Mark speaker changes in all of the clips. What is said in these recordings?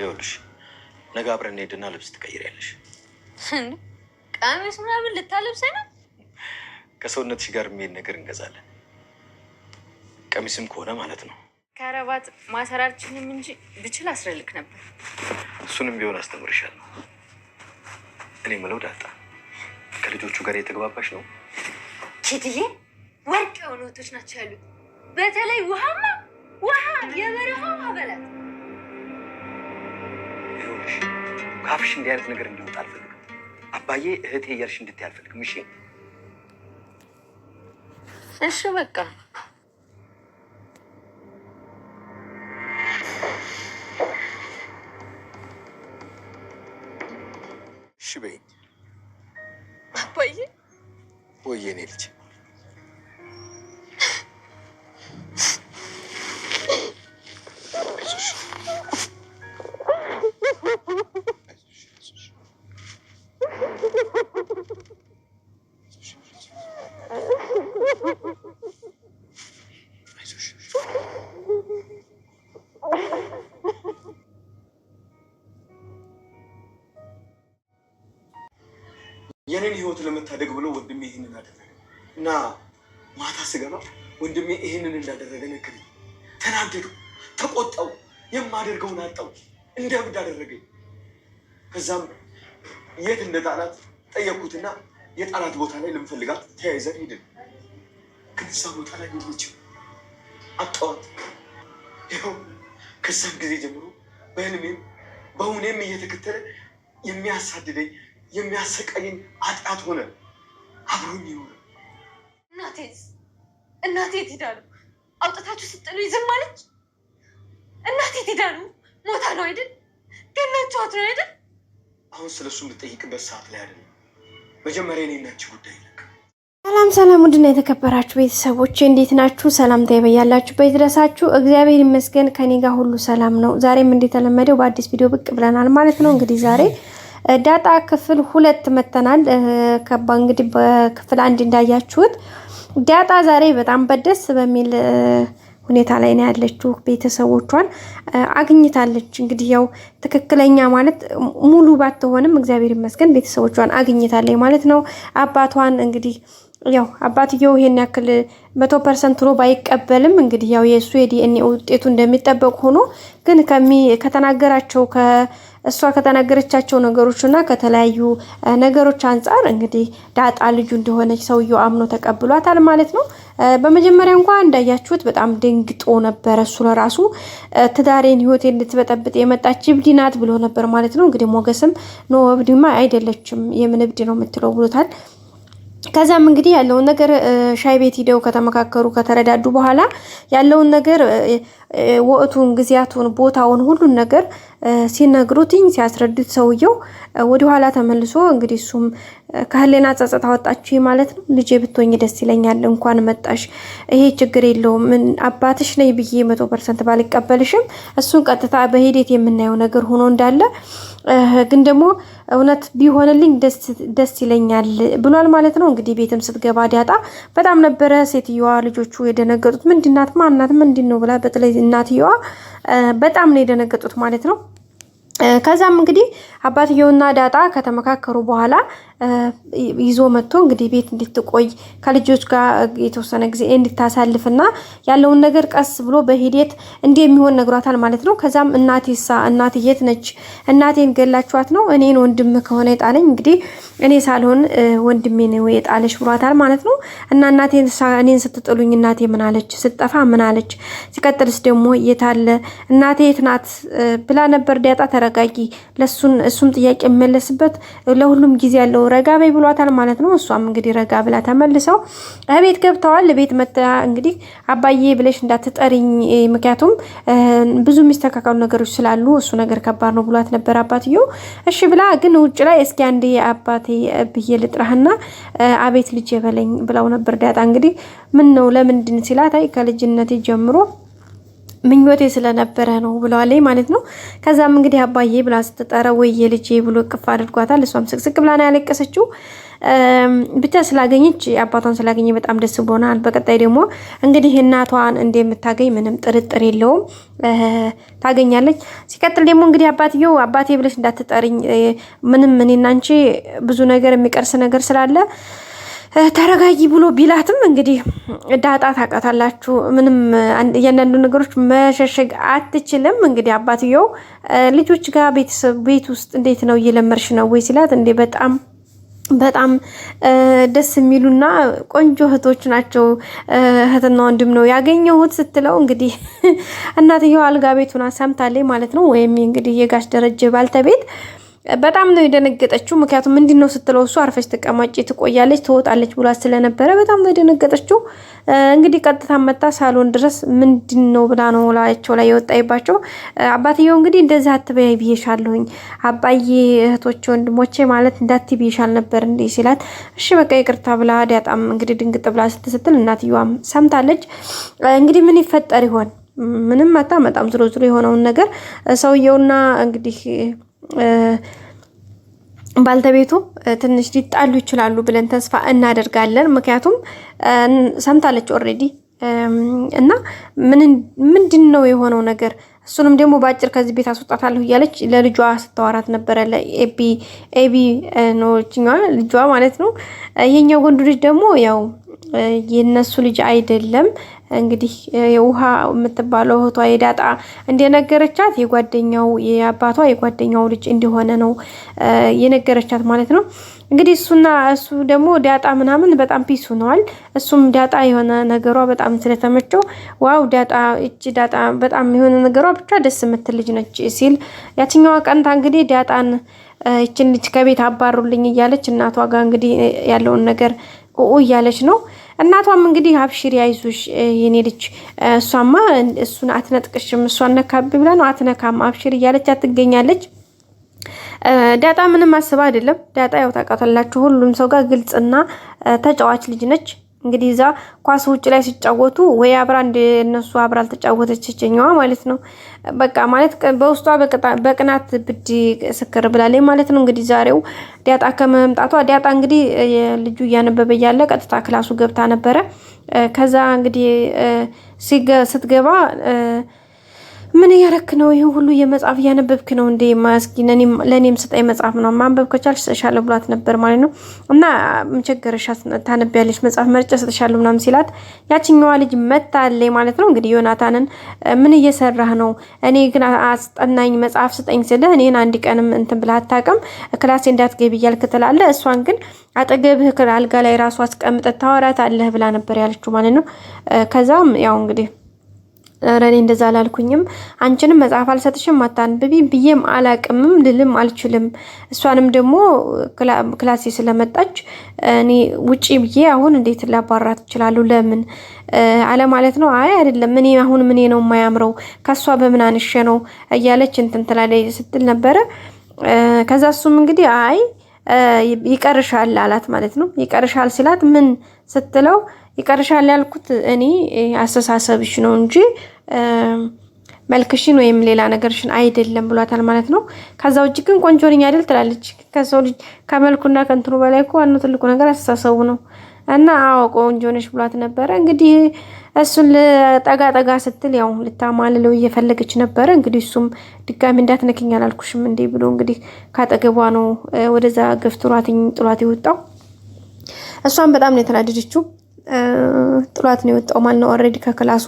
Speaker 1: ይኸውልሽ ነገ አብረን እንሄድና ልብስ ትቀይሪያለሽ።
Speaker 2: ቀሚስ ምናምን ልታለብሰኝ ነው?
Speaker 1: ከሰውነትሽ ጋር የሚሄድ ነገር እንገዛለን። ቀሚስም ከሆነ ማለት ነው።
Speaker 2: ከረባት ማሰራችንም እንጂ ብችል አስረልክ ነበር።
Speaker 1: እሱንም ቢሆን ነው። እኔ ምለው ዳጣ ከልጆቹ ጋር የተግባባሽ ነው?
Speaker 2: ኬትዬ ወርቅ የሆኑ ወቶች ናቸው ያሉ። በተለይ ውሃማ ውሃ የበረሃ ማበላት
Speaker 1: ይኸውልሽ ካፍሽ እንዲህ አይነት ነገር እንዲወጣ አልፈልግም። አባዬ እህቴ እያልሽ እንድትይ አልፈልግም። እሺ
Speaker 2: እሺ፣ በቃ
Speaker 3: የኔን ህይወት ለመታደግ ብሎ ወንድሜ ይህንን አደረገ እና ማታ ስገባ ወንድሜ ይህንን እንዳደረገ ነገር ተናደዱ፣ ተቆጣው፣ የማደርገውን አጣው፣ እንደ አደረገኝ። ከዛም የት እንደ ጣላት ጠየቅኩትና የጣላት ቦታ ላይ ልንፈልጋት ተያይዘን ሄድን። ከዛ ቦታ ላይ ሄዶችም አጣዋት። ይኸው ከዛ ጊዜ ጀምሮ በህልሜም በሁኔም እየተከተለ የሚያሳድደኝ የሚያሰቃይን ኃጢአት ሆነ አብሮኝ ይኖረ።
Speaker 2: እናቴስ እናቴ ትሄዳሉ። አውጥታችሁ ስጥሉ ይዝም አለች። እናቴ ትሄዳሉ። ሞታ ነው አይደል? ገናችኋት ነው አይደል?
Speaker 1: አሁን ስለ እሱ የምትጠይቅበት ሰዓት ላይ አይደለም። መጀመሪያ እኔ እናንቺ ጉዳይ ይለቅ
Speaker 4: ሰላም ሰላም፣ ውድና የተከበራችሁ ቤተሰቦች እንዴት ናችሁ? ሰላምታ ይበያላችሁ ድረሳችሁ እግዚአብሔር ይመስገን ከኔ ጋር ሁሉ ሰላም ነው። ዛሬም እንደተለመደው በአዲስ ቪዲዮ ብቅ ብለናል ማለት ነው። እንግዲህ ዛሬ ዳጣ ክፍል ሁለት መተናል። ከባ እንግዲህ በክፍል አንድ እንዳያችሁት ዳጣ ዛሬ በጣም በደስ በሚል ሁኔታ ላይ ነው ያለችው። ቤተሰቦቿን አግኝታለች። እንግዲህ ያው ትክክለኛ ማለት ሙሉ ባትሆንም እግዚአብሔር ይመስገን ቤተሰቦቿን አግኝታለች ማለት ነው። አባቷን እንግዲህ ያው አባትየው ይሄን ያክል መቶ ፐርሰንት ሮ ባይቀበልም እንግዲህ ያው የእሱ የዲኤንኤ ውጤቱ እንደሚጠበቅ ሆኖ ግን ከሚ ከተናገራቸው እሷ ከተናገረቻቸው ነገሮች እና ከተለያዩ ነገሮች አንጻር እንግዲህ ዳጣ ልጁ እንደሆነች ሰውየው አምኖ ተቀብሏታል ማለት ነው። በመጀመሪያ እንኳ እንዳያችሁት በጣም ድንግጦ ነበረ። እሱ ለራሱ ትዳሬን ህይወቴን እንድትበጠብጥ የመጣች እብድ ናት ብሎ ነበር ማለት ነው። እንግዲህ ሞገስም ኖ እብድማ አይደለችም የምን እብድ ነው የምትለው ብሎታል። ከዛም እንግዲህ ያለውን ነገር ሻይ ቤት ሂደው ከተመካከሩ ከተረዳዱ በኋላ ያለውን ነገር ወቅቱን፣ ጊዜያቱን፣ ቦታውን ሁሉን ነገር ሲነግሩትኝ ሲያስረዱት ሰውየው ወደኋላ ተመልሶ እንግዲህ እሱም ከህሌና ጸጸት አወጣችሁ ማለት ነው። ልጄ ብትሆኝ ደስ ይለኛል፣ እንኳን መጣሽ፣ ይሄ ችግር የለውም ምን አባትሽ ነኝ ብዬ መቶ ፐርሰንት ባልቀበልሽም እሱን ቀጥታ በሂደት የምናየው ነገር ሆኖ እንዳለ ግን ደግሞ እውነት ቢሆንልኝ ደስ ይለኛል ብሏል ማለት ነው። እንግዲህ ቤትም ስትገባ ዳጣ በጣም ነበረ ሴትዮዋ ልጆቹ የደነገጡት ምንድናት ማናት ምንድን ነው ብላ በተለይ እናትየዋ በጣም ነው የደነገጡት ማለት ነው። ከዛም እንግዲህ አባትየውና ዳጣ ከተመካከሩ በኋላ ይዞ መጥቶ እንግዲህ ቤት እንድትቆይ ከልጆች ጋር የተወሰነ ጊዜ እንድታሳልፍና ያለውን ነገር ቀስ ብሎ በሂደት እንዲህ የሚሆን ነግሯታል ማለት ነው። ከዛም እናቴሳ እናቴ የት ነች? እናቴን ገላችኋት ነው እኔን ወንድም ከሆነ የጣለኝ እንግዲህ እኔ ሳልሆን ወንድሜ ነው የጣለሽ ብሏታል ማለት ነው። እና እናቴን እኔን ስትጥሉኝ እናቴ ምናለች? ስጠፋ ምናለች? ሲቀጥልስ ደግሞ የታለ እናቴ የት ናት ብላ ነበር። ዲያጣ። ተረጋጊ፣ ለሱን እሱም ጥያቄ የመለስበት ለሁሉም ጊዜ ያለው ረጋ በይ ብሏታል ማለት ነው። እሷም እንግዲህ ረጋ ብላ ተመልሰው ቤት ገብተዋል። ቤት መታ እንግዲህ አባዬ ብለሽ እንዳትጠሪኝ፣ ምክንያቱም ብዙ የሚስተካከሉ ነገሮች ስላሉ እሱ ነገር ከባድ ነው ብሏት ነበር አባትዮ እሺ ብላ ግን ውጭ ላይ እስኪ አንዴ አባቴ ብዬ ልጥራህና አቤት ልጅ በለኝ ብለው ነበር ዳጣ እንግዲህ ምን ነው ለምንድን ሲላት አይ ከልጅነቴ ጀምሮ ምኞቴ ስለነበረ ነው ብለዋል ማለት ነው። ከዛም እንግዲህ አባዬ ብላ ስትጠራ ወይ ልጄ ብሎ እቅፍ አድርጓታል። እሷም ስቅስቅ ብላ ነው ያለቀሰችው። ብቻ ስላገኘች አባቷን ስላገኘ በጣም ደስ ብሎናል። በቀጣይ ደግሞ እንግዲህ እናቷን እንደምታገኝ ምንም ጥርጥር የለውም፣ ታገኛለች። ሲቀጥል ደግሞ እንግዲህ አባትየው አባቴ ብለሽ እንዳትጠርኝ ምንም እኔና አንቺ ብዙ ነገር የሚቀርስ ነገር ስላለ ተረጋጊ ብሎ ቢላትም እንግዲህ ዳጣ ታውቃታላችሁ፣ ምንም እያንዳንዱ ነገሮች መሸሸግ አትችልም። እንግዲህ አባትየው ልጆች ጋር ቤተሰብ ቤት ውስጥ እንዴት ነው እየለመርሽ ነው ወይ ሲላት እንዴ በጣም በጣም ደስ የሚሉና ቆንጆ እህቶች ናቸው፣ እህትና ወንድም ነው ያገኘሁት ስትለው እንግዲህ እናትየው አልጋ ቤቱን ሰምታለች ማለት ነው። ወይም እንግዲህ የጋሽ ደረጀ ባልተቤት በጣም ነው የደነገጠችው። ምክንያቱም ምንድን ነው ስትለው እሱ አርፈች ተቀማጭ ትቆያለች ትወጣለች ብሏት ስለነበረ በጣም ነው የደነገጠችው። እንግዲህ ቀጥታ መጣ ሳሎን ድረስ ምንድን ነው ብላ ነው ላያቸው ላይ የወጣይባቸው። አባትየው እንግዲህ እንደዚህ አትበይ ብዬሻለሁኝ አባዬ፣ እህቶቼ፣ ወንድሞቼ ማለት እንዳትብይሻል ነበር እንዲህ ሲላት፣ እሺ በቃ ይቅርታ ብላ ዳጣም እንግዲህ ድንግጥ ብላ ስትስትል እናትየዋም ሰምታለች። እንግዲህ ምን ይፈጠር ይሆን ምንም አታመጣም። ዝሮ ዝሮ የሆነውን ነገር ሰውየውና እንግዲህ ባልተቤቱ ትንሽ ሊጣሉ ይችላሉ ብለን ተስፋ እናደርጋለን። ምክንያቱም ሰምታለች ኦልሬዲ እና ምንድን ነው የሆነው ነገር? እሱንም ደግሞ በአጭር ከዚህ ቤት አስወጣታለሁ እያለች ለልጇ ስታወራት ነበረ። ለኤቢ ኤቢ ነችኛ ልጇ ማለት ነው። የኛው ወንዱ ልጅ ደግሞ ያው የነሱ ልጅ አይደለም። እንግዲህ ውሃ የምትባለው እህቷ የዳጣ እንደነገረቻት የጓደኛው የአባቷ የጓደኛው ልጅ እንደሆነ ነው የነገረቻት ማለት ነው። እንግዲህ እሱና እሱ ደግሞ ዳጣ ምናምን በጣም ፒስ ሆነዋል። እሱም ዳጣ የሆነ ነገሯ በጣም ስለተመቸው ዋው ዳጣ እጅ ዳጣ በጣም የሆነ ነገሯ ብቻ ደስ የምትል ልጅ ነች ሲል ያችኛዋ ቀንታ እንግዲህ ዳጣን ይችን ልጅ ከቤት አባሩልኝ እያለች እናቷ ጋር እንግዲህ ያለውን ነገር ቁ እያለች ነው እናቷም እንግዲህ አብሽሪ አይዞሽ የኔ ልጅ እሷማ እሱን አትነጥቅሽም እሷን ነካብ ብላ ነው አትነካም አብሽሪ እያለች ትገኛለች። ዳጣ ምንም አስባ አይደለም። ዳጣ ያው ታውቃታላችሁ ሁሉም ሰው ጋር ግልጽና ተጫዋች ልጅ ነች። እንግዲህ እዛ ኳስ ውጭ ላይ ሲጫወቱ ወይ አብራ እንደ እነሱ አብራ አልተጫወተች ችኛዋ ማለት ነው። በቃ ማለት በውስጧ በቅናት ብድ ስክር ብላለች ማለት ነው። እንግዲህ ዛሬው ዲያጣ ከመምጣቷ ዲያጣ እንግዲህ ልጁ እያነበበ እያለ ቀጥታ ክላሱ ገብታ ነበረ። ከዛ እንግዲህ ስትገባ ምን እያረክ ነው? ይህ ሁሉ የመጽሐፍ እያነበብክ ነው እንዴ? ማስኪ ለእኔም ስጠኝ መጽሐፍ ነው ማንበብ ከቻልሽ እሰጥሻለሁ ብሏት ነበር ማለት ነው። እና ምን ቸገረሽ ታነቢያለሽ፣ መጽሐፍ መርጬ እሰጥሻለሁ ምናምን ሲላት ያችኛዋ ልጅ መታለች ማለት ነው። እንግዲህ ዮናታንን ምን እየሰራህ ነው? እኔ ግን አስጠናኝ መጽሐፍ ስጠኝ ስልህ እኔን አንድ ቀንም እንትን ብለህ አታውቅም፣ ክላሴ እንዳትገቢ እያልክ ትላለህ። እሷን ግን አጠገብህ አልጋ ላይ ራሱ አስቀምጠህ ታወራታለህ ብላ ነበር ያለችው ማለት ነው። ከዛም ያው እንግዲህ ኧረ እኔ እንደዛ አላልኩኝም። አንቺንም መጽሐፍ አልሰጥሽም አታንብቢ ብዬም አላቅምም ልልም አልችልም። እሷንም ደግሞ ክላሴ ስለመጣች እኔ ውጪ ብዬ አሁን እንዴት ላባራት እችላለሁ? ለምን አለ ማለት ነው። አይ አይደለም፣ እኔ አሁን ምኔ ነው የማያምረው ከሷ በምን አንሸ ነው እያለች እንትን ትላለች ስትል ነበረ። ከዛ እሱም እንግዲህ አይ ይቀርሻል አላት ማለት ነው። ይቀርሻል ሲላት ምን ስትለው ይቀርሻል ያልኩት እኔ አስተሳሰብሽ ነው እንጂ መልክሽን ወይም ሌላ ነገርሽን አይደለም ብሏታል ማለት ነው። ከዛ ውጭ ግን ቆንጆ ነኝ አይደል ትላለች። ከሰው ልጅ ከመልኩና ከንትኑ በላይ እኮ ዋናው ትልቁ ነገር አስተሳሰቡ ነው እና አዎ ቆንጆ ነሽ ብሏት ነበረ እንግዲህ እሱን ጠጋ ጠጋ ስትል ያው ልታማልለው እየፈለገች ነበረ። እንግዲህ እሱም ድጋሚ እንዳትነክኝ አላልኩሽም እንዴ ብሎ እንግዲህ ካጠገቧ ነው ወደዛ ገፍትሯትኝ ጥሏት የወጣው። እሷን በጣም ነው የተናደደችው። ጥሏት ነው የወጣው ማለት ነው። ኦልሬዲ ከክላሱ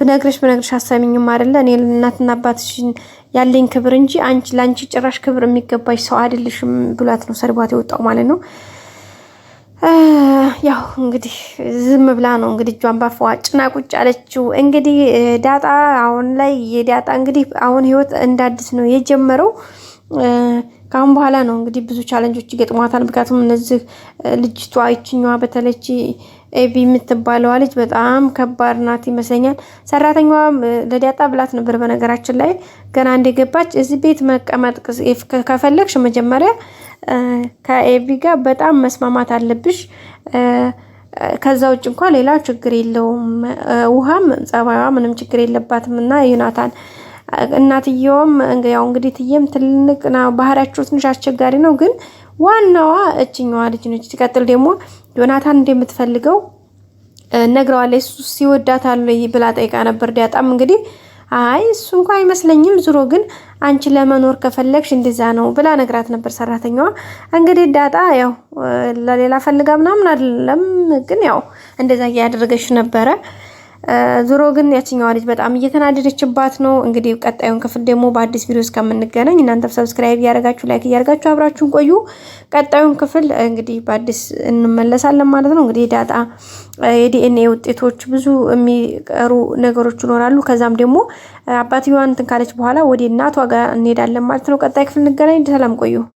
Speaker 4: ብነግረሽ ብነግረሽ አሰሚኝም አይደለ እኔ እናትና አባትሽን ያለኝ ክብር እንጂ አንቺ ለአንቺ ጭራሽ ክብር የሚገባሽ ሰው አይደልሽም ብሏት ነው ሰድቧት የወጣው ማለት ነው። ያው እንግዲህ ዝም ብላ ነው እንግዲህ እጇን ባፈዋ ጭና ቁጭ አለችው። እንግዲህ ዳጣ አሁን ላይ የዳጣ እንግዲህ አሁን ህይወት እንዳዲስ ነው የጀመረው። ከአሁን በኋላ ነው እንግዲህ ብዙ ቻለንጆች ይገጥሟታል። ምክንያቱም እነዚህ ልጅቷ ይችኛዋ በተለች ኤቢ የምትባለዋ ልጅ በጣም ከባድ ናት ይመስለኛል። ሰራተኛዋ ለዳጣ ብላት ነበር። በነገራችን ላይ ገና እንደገባች እዚህ ቤት መቀመጥ ከፈለግሽ መጀመሪያ ከኤቢ ጋር በጣም መስማማት አለብሽ። ከዛ ውጭ እንኳ ሌላ ችግር የለውም። ውሃም ጸባይዋ ምንም ችግር የለባትም እና ዩናታን እናትየውም ያው እንግዲህ ትዬም ትልቅ ባህሪያቸው ትንሽ አስቸጋሪ ነው፣ ግን ዋናዋ እችኛዋ ልጅ ነች። ሲቀጥል ደግሞ ዮናታን እንደምትፈልገው ነግረዋለች። እሱ ሲወዳታል ብላ ጠይቃ ነበር። ዳጣም እንግዲህ አይ እሱ እንኳ አይመስለኝም፣ ዙሮ ግን አንቺ ለመኖር ከፈለግሽ እንደዛ ነው ብላ ነግራት ነበር ሰራተኛዋ። እንግዲህ ዳጣ ያው ለሌላ ፈልጋ ምናምን አይደለም፣ ግን ያው እንደዛ እያደረገች ነበረ። ዞሮ ግን ያችኛዋ ልጅ በጣም እየተናደደችባት ነው። እንግዲህ ቀጣዩን ክፍል ደግሞ በአዲስ ቪዲዮ እስከምንገናኝ እናንተም ሰብስክራይብ እያደረጋችሁ ላይክ እያደረጋችሁ አብራችሁን ቆዩ። ቀጣዩን ክፍል እንግዲህ በአዲስ እንመለሳለን ማለት ነው። እንግዲህ ዳጣ የዲኤንኤ ውጤቶች ብዙ የሚቀሩ ነገሮች ይኖራሉ። ከዛም ደግሞ አባትየዋን እንትን ካለች በኋላ ወደ እናቷ ጋር እንሄዳለን ማለት ነው። ቀጣይ ክፍል እንገናኝ። ሰላም ቆዩ።